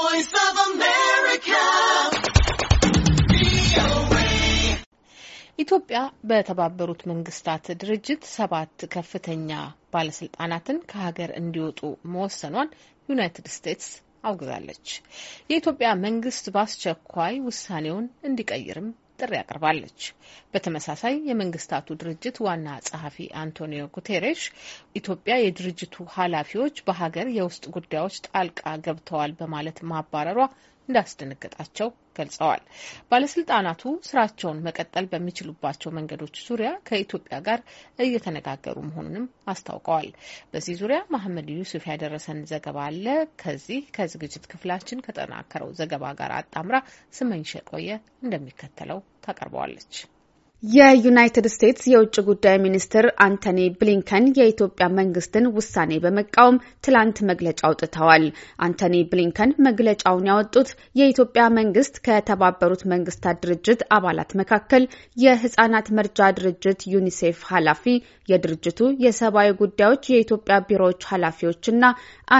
voice of America. ኢትዮጵያ በተባበሩት መንግስታት ድርጅት ሰባት ከፍተኛ ባለስልጣናትን ከሀገር እንዲወጡ መወሰኗን ዩናይትድ ስቴትስ አውግዛለች። የኢትዮጵያ መንግስት በአስቸኳይ ውሳኔውን እንዲቀይርም ጥሪ አቅርባለች። በተመሳሳይ የመንግስታቱ ድርጅት ዋና ጸሐፊ አንቶኒዮ ጉቴሬሽ ኢትዮጵያ የድርጅቱ ኃላፊዎች በሀገር የውስጥ ጉዳዮች ጣልቃ ገብተዋል በማለት ማባረሯ እንዳስደነገጣቸው ገልጸዋል። ባለስልጣናቱ ስራቸውን መቀጠል በሚችሉባቸው መንገዶች ዙሪያ ከኢትዮጵያ ጋር እየተነጋገሩ መሆኑንም አስታውቀዋል። በዚህ ዙሪያ መሐመድ ዩሱፍ ያደረሰን ዘገባ አለ። ከዚህ ከዝግጅት ክፍላችን ከጠናከረው ዘገባ ጋር አጣምራ ስመኝሽ ቆየ እንደሚከተለው ታቀርበዋለች። የዩናይትድ ስቴትስ የውጭ ጉዳይ ሚኒስትር አንቶኒ ብሊንከን የኢትዮጵያ መንግስትን ውሳኔ በመቃወም ትላንት መግለጫ አውጥተዋል። አንቶኒ ብሊንከን መግለጫውን ያወጡት የኢትዮጵያ መንግስት ከተባበሩት መንግስታት ድርጅት አባላት መካከል የህጻናት መርጃ ድርጅት ዩኒሴፍ ኃላፊ፣ የድርጅቱ የሰብአዊ ጉዳዮች የኢትዮጵያ ቢሮዎች ኃላፊዎችና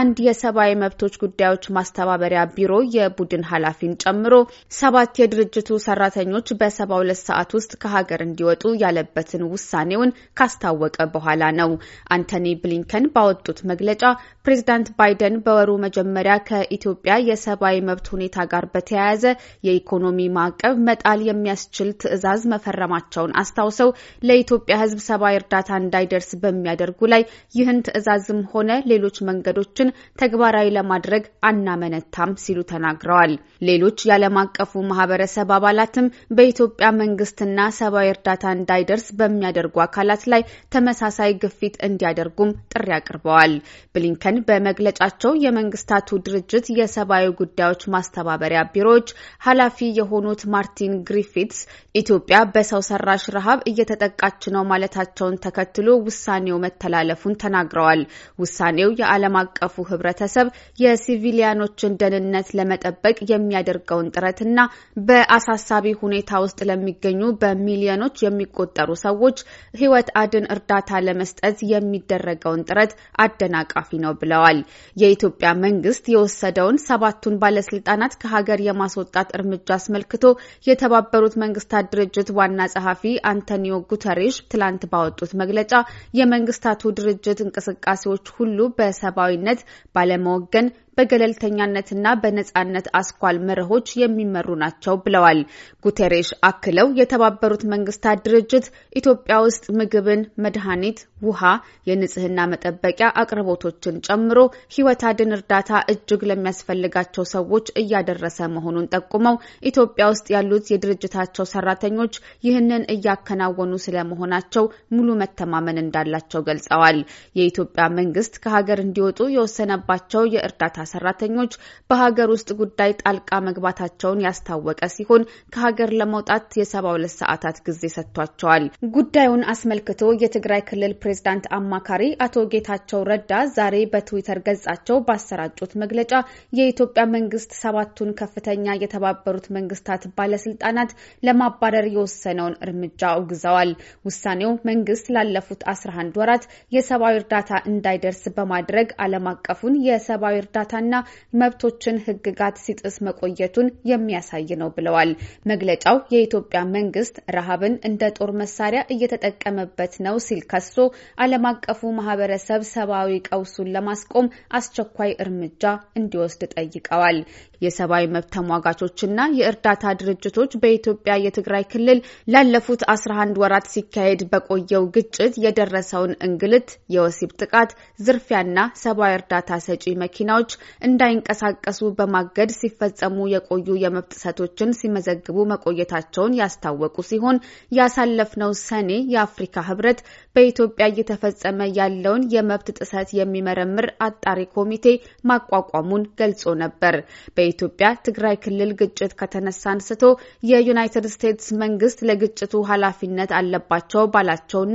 አንድ የሰብአዊ መብቶች ጉዳዮች ማስተባበሪያ ቢሮ የቡድን ኃላፊን ጨምሮ ሰባት የድርጅቱ ሰራተኞች በሰባ ሁለት ሰዓት ውስጥ ከሀገር እንዲወጡ ያለበትን ውሳኔውን ካስታወቀ በኋላ ነው። አንቶኒ ብሊንከን ባወጡት መግለጫ ፕሬዚዳንት ባይደን በወሩ መጀመሪያ ከኢትዮጵያ የሰብአዊ መብት ሁኔታ ጋር በተያያዘ የኢኮኖሚ ማዕቀብ መጣል የሚያስችል ትዕዛዝ መፈረማቸውን አስታውሰው ለኢትዮጵያ ሕዝብ ሰብአዊ እርዳታ እንዳይደርስ በሚያደርጉ ላይ ይህን ትዕዛዝም ሆነ ሌሎች መንገዶችን ተግባራዊ ለማድረግ አናመነታም ሲሉ ተናግረዋል። ሌሎች የዓለም አቀፉ ማህበረሰብ አባላትም በኢትዮጵያ መንግስትና ሰ ሰብአዊ እርዳታ እንዳይደርስ በሚያደርጉ አካላት ላይ ተመሳሳይ ግፊት እንዲያደርጉም ጥሪ አቅርበዋል። ብሊንከን በመግለጫቸው የመንግስታቱ ድርጅት የሰብአዊ ጉዳዮች ማስተባበሪያ ቢሮዎች ኃላፊ የሆኑት ማርቲን ግሪፊትስ ኢትዮጵያ በሰው ሰራሽ ረሃብ እየተጠቃች ነው ማለታቸውን ተከትሎ ውሳኔው መተላለፉን ተናግረዋል። ውሳኔው የዓለም አቀፉ ህብረተሰብ የሲቪሊያኖችን ደህንነት ለመጠበቅ የሚያደርገውን ጥረትና በአሳሳቢ ሁኔታ ውስጥ ለሚገኙ በሚሊ በሚሊዮኖች የሚቆጠሩ ሰዎች ሕይወት አድን እርዳታ ለመስጠት የሚደረገውን ጥረት አደናቃፊ ነው ብለዋል። የኢትዮጵያ መንግስት የወሰደውን ሰባቱን ባለስልጣናት ከሀገር የማስወጣት እርምጃ አስመልክቶ የተባበሩት መንግስታት ድርጅት ዋና ጸሐፊ አንቶኒዮ ጉተሬሽ ትላንት ባወጡት መግለጫ የመንግስታቱ ድርጅት እንቅስቃሴዎች ሁሉ በሰብአዊነት ባለመወገን በገለልተኛነትና በነጻነት አስኳል መርሆች የሚመሩ ናቸው ብለዋል። ጉቴሬሽ አክለው የተባበሩት መንግስታት ድርጅት ኢትዮጵያ ውስጥ ምግብን፣ መድኃኒት፣ ውሃ፣ የንጽህና መጠበቂያ አቅርቦቶችን ጨምሮ ሕይወት አድን እርዳታ እጅግ ለሚያስፈልጋቸው ሰዎች እያደረሰ መሆኑን ጠቁመው ኢትዮጵያ ውስጥ ያሉት የድርጅታቸው ሰራተኞች ይህንን እያከናወኑ ስለመሆናቸው ሙሉ መተማመን እንዳላቸው ገልጸዋል። የኢትዮጵያ መንግስት ከሀገር እንዲወጡ የወሰነባቸው የእርዳታ ሰራተኞች በሀገር ውስጥ ጉዳይ ጣልቃ መግባታቸውን ያስታወቀ ሲሆን ከሀገር ለመውጣት የሰባ ሁለት ሰዓታት ጊዜ ሰጥቷቸዋል። ጉዳዩን አስመልክቶ የትግራይ ክልል ፕሬዝዳንት አማካሪ አቶ ጌታቸው ረዳ ዛሬ በትዊተር ገጻቸው ባሰራጩት መግለጫ የኢትዮጵያ መንግስት ሰባቱን ከፍተኛ የተባበሩት መንግስታት ባለስልጣናት ለማባረር የወሰነውን እርምጃ አውግዘዋል። ውሳኔው መንግስት ላለፉት 11 ወራት የሰብአዊ እርዳታ እንዳይደርስ በማድረግ ዓለም አቀፉን የሰብአዊ እርዳታ እርዳታና መብቶችን ህግጋት ሲጥስ መቆየቱን የሚያሳይ ነው ብለዋል። መግለጫው የኢትዮጵያ መንግስት ረሃብን እንደ ጦር መሳሪያ እየተጠቀመበት ነው ሲል ከሶ ዓለም አቀፉ ማህበረሰብ ሰብአዊ ቀውሱን ለማስቆም አስቸኳይ እርምጃ እንዲወስድ ጠይቀዋል። የሰብአዊ መብት ተሟጋቾችና የእርዳታ ድርጅቶች በኢትዮጵያ የትግራይ ክልል ላለፉት 11 ወራት ሲካሄድ በቆየው ግጭት የደረሰውን እንግልት፣ የወሲብ ጥቃት፣ ዝርፊያና ሰብአዊ እርዳታ ሰጪ መኪናዎች እንዳይንቀሳቀሱ በማገድ ሲፈጸሙ የቆዩ የመብት ጥሰቶችን ሲመዘግቡ መቆየታቸውን ያስታወቁ ሲሆን ያሳለፍነው ሰኔ የአፍሪካ ህብረት በኢትዮጵያ እየተፈጸመ ያለውን የመብት ጥሰት የሚመረምር አጣሪ ኮሚቴ ማቋቋሙን ገልጾ ነበር። በኢትዮጵያ ትግራይ ክልል ግጭት ከተነሳ አንስቶ የዩናይትድ ስቴትስ መንግስት ለግጭቱ ኃላፊነት አለባቸው ባላቸውና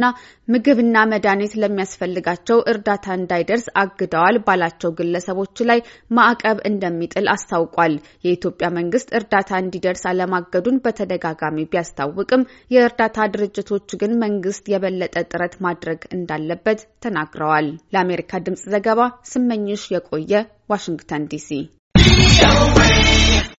ምግብና መድኃኒት ለሚያስፈልጋቸው እርዳታ እንዳይደርስ አግደዋል ባላቸው ግለሰቦች ላይ ማዕቀብ እንደሚጥል አስታውቋል። የኢትዮጵያ መንግስት እርዳታ እንዲደርስ አለማገዱን በተደጋጋሚ ቢያስታውቅም የእርዳታ ድርጅቶች ግን መንግስት የበለጠ ጥረት ማድረግ እንዳለበት ተናግረዋል። ለአሜሪካ ድምጽ ዘገባ ስመኝሽ የቆየ ዋሽንግተን ዲሲ